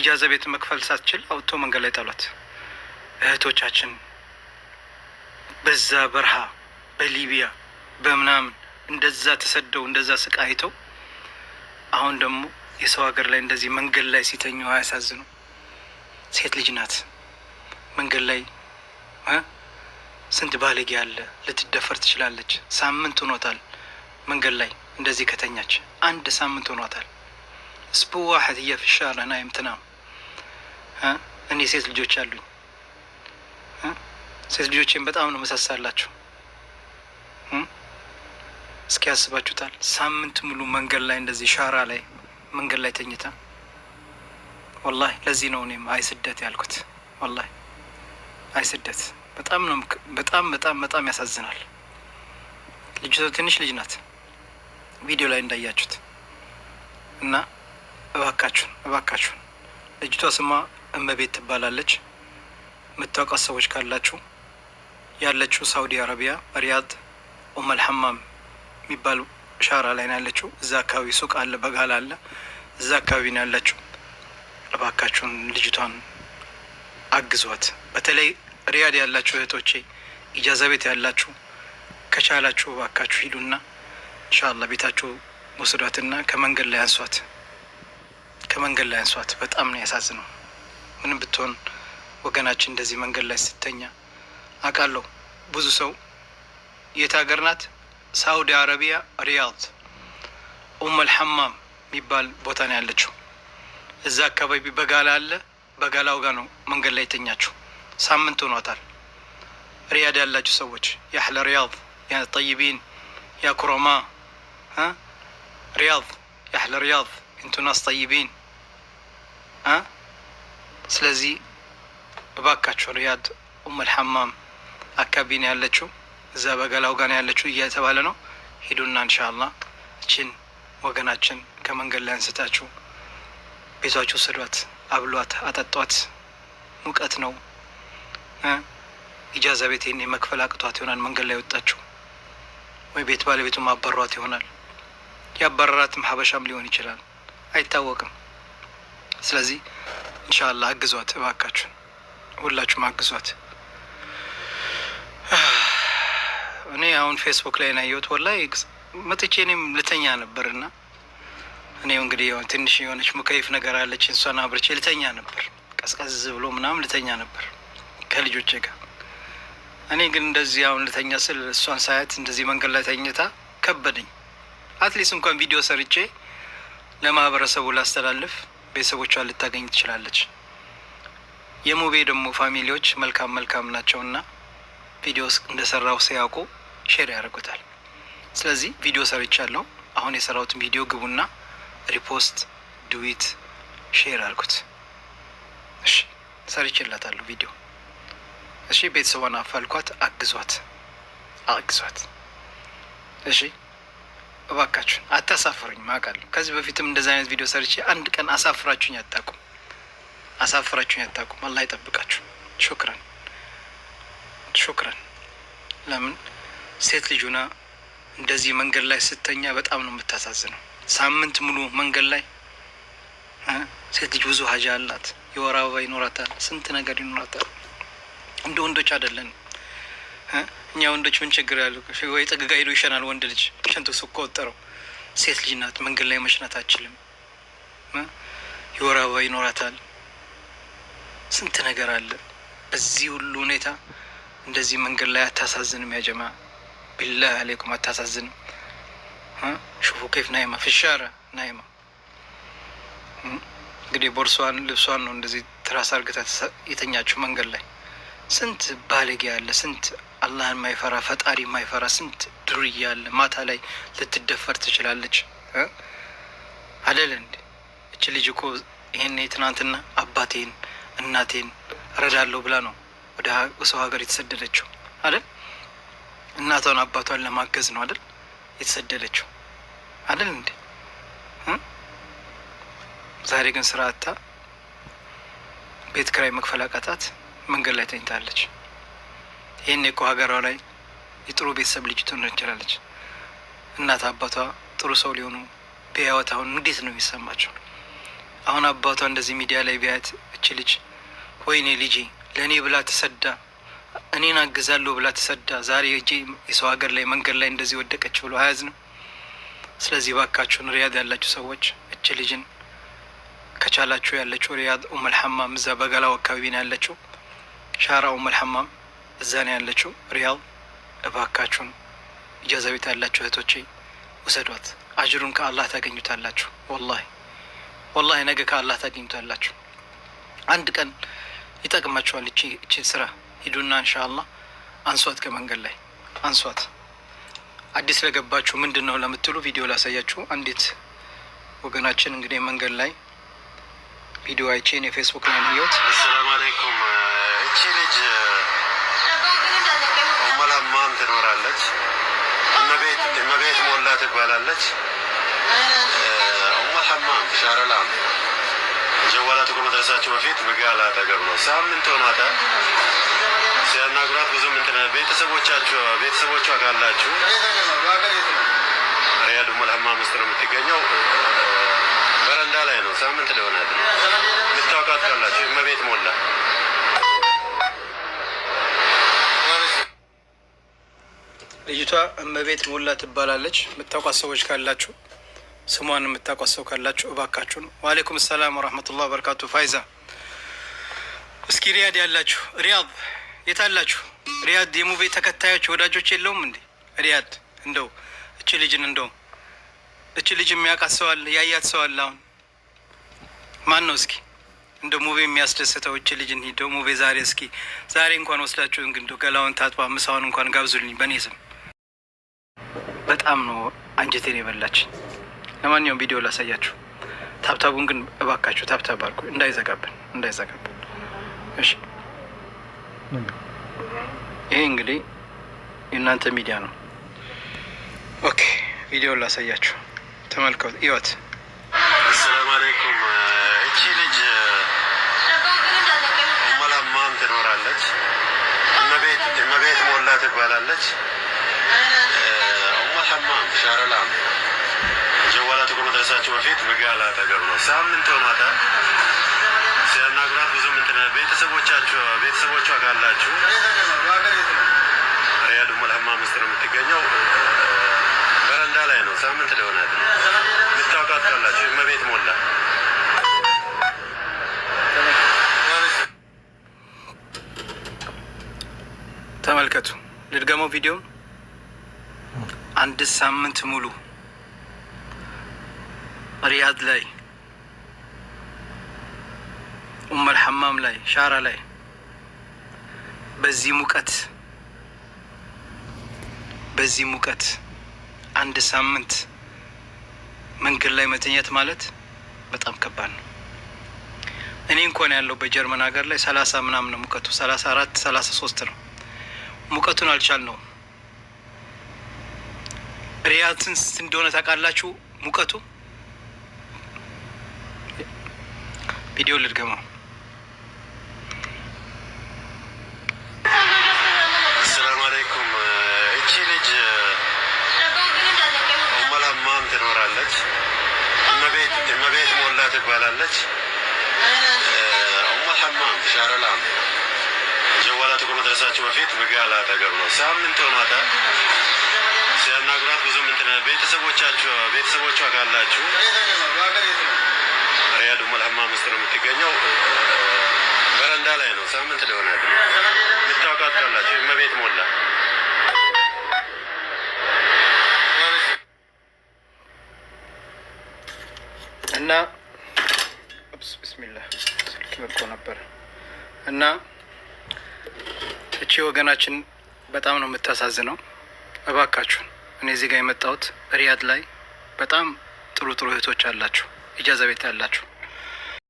እጃዘ ቤት መክፈል ሳትችል አውጥቶ መንገድ ላይ ጣሏት። እህቶቻችን በዛ በረሃ በሊቢያ በምናምን እንደዛ ተሰደው እንደዛ ስቃ አይተው አሁን ደግሞ የሰው ሀገር ላይ እንደዚህ መንገድ ላይ ሲተኙ አያሳዝኑ? ሴት ልጅ ናት። መንገድ ላይ ስንት ባለጌ አለ። ልትደፈር ትችላለች። ሳምንት ሆኖታል መንገድ ላይ እንደዚህ ከተኛች አንድ ሳምንት ሆኗታል። اسبوع واحد هي في الشهر هنا እኔ ሴት ልጆች አሉኝ። ሴት ልጆቼን በጣም ነው መሳሳላችሁ። እስኪ ያስባችሁታል። ሳምንት ሙሉ መንገድ ላይ እንደዚህ ሻራ ላይ መንገድ ላይ ተኝታ ወላሂ። ለዚህ ነው እኔም አይ ስደት ያልኩት። ወላሂ አይ ስደት በጣም ነው በጣም በጣም በጣም ያሳዝናል። ልጅቷ ትንሽ ልጅ ናት፣ ቪዲዮ ላይ እንዳያችሁት እና እባካችሁን እባካችሁን። ልጅቷ ስማ እመቤት ትባላለች። የምታውቃት ሰዎች ካላችሁ ያለችው ሳውዲ አረቢያ ሪያድ ኦመል ሐማም የሚባል ሻራ ላይ ነው ያለችው። እዛ አካባቢ ሱቅ አለ፣ በጋላ አለ። እዛ አካባቢ ነው ያለችው። እባካችሁን ልጅቷን አግዟት። በተለይ ሪያድ ያላችሁ እህቶቼ፣ ኢጃዛ ቤት ያላችሁ ከቻላችሁ እባካችሁ ሂዱና ኢንሻአላህ ቤታችሁ ወስዷትና ከመንገድ ላይ አንሷት። ከመንገድ ላይ አንሷት። በጣም ነው ያሳዝነው። ምንም ብትሆን ወገናችን እንደዚህ መንገድ ላይ ስተኛ አውቃለሁ። ብዙ ሰው የት ሀገር ናት? ሳውዲ አረቢያ ሪያድ ኡመል ሐማም የሚባል ቦታ ነው ያለችው። እዛ አካባቢ በጋላ አለ። በጋላው ጋር ነው መንገድ ላይ የተኛችው። ሳምንት ሆኗታል። ሪያድ ያላችሁ ሰዎች የአህለ ሪያድ የጠይቢን ጠይቢን ኩረማ ሪያድ የአህለ ሪያድ እንቱ ናስ ጠይቢን ስለዚህ እባካችሁን ሪያድ ኡመል ሐማም አካባቢ ነው ያለችው፣ እዛ በገላው ጋር ነው ያለችው እየተባለ ነው። ሂዱና እንሻአላህ እችን ወገናችን ከመንገድ ላይ አንስታችሁ ቤቷችሁ ስዷት፣ አብሏት፣ አጠጧት። ሙቀት ነው። ኢጃዛ ቤት ይህን መክፈል አቅቷት ይሆናል መንገድ ላይ ወጣችሁ፣ ወይ ቤት ባለቤቱም አባሯት ይሆናል። ያባረራትም ሀበሻም ሊሆን ይችላል፣ አይታወቅም። ስለዚህ እንሻላ አግዟት፣ እባካችሁን ሁላችሁም አግዟት። እኔ አሁን ፌስቡክ ላይ ናየሁት ወላሂ መጥቼ እኔም ልተኛ ነበር እና እኔም እንግዲህ ትንሽ የሆነች ሙከይፍ ነገር አለች እሷን አብርቼ ልተኛ ነበር፣ ቀዝቀዝ ብሎ ምናምን ልተኛ ነበር ከልጆቼ ጋር። እኔ ግን እንደዚህ አሁን ልተኛ ስል እሷን ሳያት እንደዚህ መንገድ ላይ ተኝታ ከበደኝ። አትሊስት እንኳን ቪዲዮ ሰርቼ ለማህበረሰቡ ላስተላልፍ ቤተሰቦቿን ልታገኝ ትችላለች። የሙቤ ደግሞ ፋሚሊዎች መልካም መልካም ናቸው ና ቪዲዮ እንደሰራው ሲያውቁ ሼር ያደርጉታል። ስለዚህ ቪዲዮ ሰርቻለሁ። አሁን የሰራሁትን ቪዲዮ ግቡና ሪፖስት ድዊት ሼር አድርጉት። እሺ ሰርቼላታለሁ ቪዲዮ። እሺ ቤተሰቧን አፋልኳት፣ አግዟት፣ አግዟት። እሺ እባካችሁን አታሳፍሩኝ። ማቃለሁ ከዚህ በፊትም እንደዚ አይነት ቪዲዮ ሰርቼ አንድ ቀን አሳፍራችሁኝ አታቁም፣ አሳፍራችሁኝ አታቁም። አላህ ይጠብቃችሁ። ሹክረን ሹክረን። ለምን ሴት ልጅ ሆና እንደዚህ መንገድ ላይ ስተኛ በጣም ነው የምታሳዝነው። ሳምንት ሙሉ መንገድ ላይ ሴት ልጅ ብዙ ሀጃ አላት፣ የወር አበባ ይኖራታል፣ ስንት ነገር ይኖራታል። እንደ ወንዶች አይደለን እኛ ወንዶች ምን ችግር ያሉ ወይ ጥግ ሄዶ ይሸናል። ወንድ ልጅ ሽንት ውስጥ ከወጠረው ሴት ልጅ ናት። መንገድ ላይ መሽናት አችልም። የወር አበባ ይኖራታል። ስንት ነገር አለ። በዚህ ሁሉ ሁኔታ እንደዚህ መንገድ ላይ አታሳዝንም? ያጀማ ቢላህ አሌይኩም አታሳዝንም? ሹፉ ኬፍ ናይማ ፍሻረ ናይማ እንግዲህ ቦርሷን ልብሷን ነው እንደዚህ ትራስ አርግታ የተኛችው መንገድ ላይ ስንት ባለጌ አለ ስንት አላህን ማይፈራ ፈጣሪ ማይፈራ ስንት ዱርያ አለ። ማታ ላይ ልትደፈር ትችላለች አደለ እንዴ? እች ልጅ እኮ ይህን ትናንትና አባቴን እናቴን እረዳለሁ ብላ ነው ወደ ሰው ሀገር የተሰደደችው አደል? እናቷን አባቷን ለማገዝ ነው አደል የተሰደደችው አደል እንዴ? ዛሬ ግን ስራ አታ ቤት ክራይ መክፈል አቃታት፣ መንገድ ላይ ተኝታለች። ይህን እኮ ሀገሯ ላይ የጥሩ ቤተሰብ ልጅ ትሆን ይችላለች። እናት አባቷ ጥሩ ሰው ሊሆኑ ቢያዩት አሁን እንዴት ነው የሚሰማቸው? አሁን አባቷ እንደዚህ ሚዲያ ላይ ቢያት እች ልጅ ወይኔ ልጄ ለእኔ ብላ ተሰዳ እኔን አግዛለሁ ብላ ተሰዳ ዛሬ እጄ የሰው ሀገር ላይ መንገድ ላይ እንደዚህ ወደቀች ብሎ አያዝ ነው። ስለዚህ ባካችሁን ሪያድ ያላችሁ ሰዎች እች ልጅን ከቻላችሁ ያለችው ሪያድ ኡመልሐማም እዛ በገላው አካባቢ ነው ያለችው ሻራ ኡመልሐማም እዛ ነው ያለችው ሪያል። እባካችሁን እጃዛ ቤት ያላችሁ እህቶቼ ውሰዷት፣ አጅሩን ከአላህ ታገኙታላችሁ። ወላሂ ወላሂ ነገ ከአላህ ታገኙታላችሁ። አንድ ቀን ይጠቅማችኋል። እቺ እቺ ስራ ሂዱና ኢንሻአላህ አንሷት፣ ከመንገድ ላይ አንሷት። አዲስ ለገባችሁ ምንድን ነው ለምትሉ ቪዲዮ ላሳያችሁ። አንዲት ወገናችን እንግዲህ መንገድ ላይ ቪዲዮ አይቼን የፌስቡክ ላይ ያየሁት። አሰላሙ አለይኩም እቺ ልጅ ትኖራለች። እመቤት ሞላ ትባላለች። ኡመ ሐማም ሻረላም ጀዋላ ጥቁር መድረሳቸው በፊት ምጋላ አጠገብ ነው። ሳምንት ሆኗታል። ሲያናግሯት ብዙም እንትን ቤተሰቦቻቸው ቤተሰቦቿ ካላችሁ ሪያድ ኡመል ሐማም ውስጥ ነው የምትገኘው። በረንዳ ላይ ነው። ሳምንት ሊሆናት የምታውቃት ካላችሁ እመቤት ሞላ ልጅቷ እመቤት ሞላ ትባላለች። የምታውቋት ሰዎች ካላችሁ ስሟን የምታውቋት ሰው ካላችሁ እባካችሁን። ዋሌይኩም ሰላም ወራህመቱላህ በረካቱ። ፋይዛ እስኪ ሪያድ ያላችሁ ሪያድ የት አላችሁ? ሪያድ የሙቤ ተከታዮች ወዳጆች የለውም እንዴ? ሪያድ እንደው እች ልጅን እንደው እች ልጅ የሚያውቃት ሰው አለ? ያያት ሰው አለ? አሁን ማን ነው እስኪ እንደ ሙቤ የሚያስደስተው እች ልጅን ሂደው ሙቤ ዛሬ እስኪ ዛሬ እንኳን ወስዳችሁ እንግዲህ ገላውን ታጥባ ምሳውን እንኳን ጋብዙልኝ በእኔ ስም። በጣም ነው አንጀቴን የበላችኝ። ለማንኛውም ቪዲዮ ላሳያችሁ። ታብታቡን ግን እባካችሁ ታብታብ አድርጉ፣ እንዳይዘጋብን እንዳይዘጋብን። እሺ፣ ይሄ እንግዲህ የእናንተ ሚዲያ ነው። ኦኬ፣ ቪዲዮ ላሳያችሁ። ተመልከቱ፣ ይወት አሰላሙ አለይኩም። እቺ ልጅ እመላማም ትኖራለች። እመቤት ሞላ ትባላለች። ሻረላ ጀዋላ ጥቁር መድረሳቸው በፊት ምጋላ አጠገብ ነው። ሳምንት ሆኗታል። ሲያናግራት ብዙ እንትን ቤተሰቦቻቸው ቤተሰቦቿ ካላችሁ ሪያድ ሙል ሀማም ውስጥ ነው የምትገኘው። በረንዳ ላይ ነው። ሳምንት ሊሆናት ነው። የምታውቃት ካላችሁ እመቤት ሞላ ተመልከቱ። ልድገመው ቪዲዮም አንድ ሳምንት ሙሉ ሪያድ ላይ ኡመል ሐማም ላይ ሻራ ላይ በዚህ ሙቀት በዚህ ሙቀት አንድ ሳምንት መንገድ ላይ መተኛት ማለት በጣም ከባድ ነው። እኔ እንኳን ያለው በጀርመን ሀገር ላይ ሰላሳ ምናምን ነው ሙቀቱ፣ ሰላሳ አራት ሰላሳ ሶስት ነው ሙቀቱን አልቻል ነው ሪያል ስንት እንደሆነ ታውቃላችሁ? ሙቀቱ ቪዲዮ ልድገማ ትኖራለች እመቤት ሞላ ትባላለች። ኡመል ሐማም ሻረላም ጀዋላ ተቆ መድረሳቸው በፊት ምግብ አላጠገብ ነው። ሳምንት ሆኗታል። ቤተሰቦቻችሁ ቤተሰቦቿ ካላችሁ መልሐማ ምስር የምትገኘው በረንዳ ላይ ነው። ሳምንት ሊሆነ ልታውቃት ካላችሁ እመቤት ሞላ እና ብስሚላ ስልክ ነበር እና እቺ ወገናችን በጣም ነው የምታሳዝነው። እባካችሁን እኔ እዚህ ጋር የመጣሁት ሪያድ ላይ በጣም ጥሩ ጥሩ እህቶች አላችሁ፣ ኢጃዛ ቤት አላችሁ።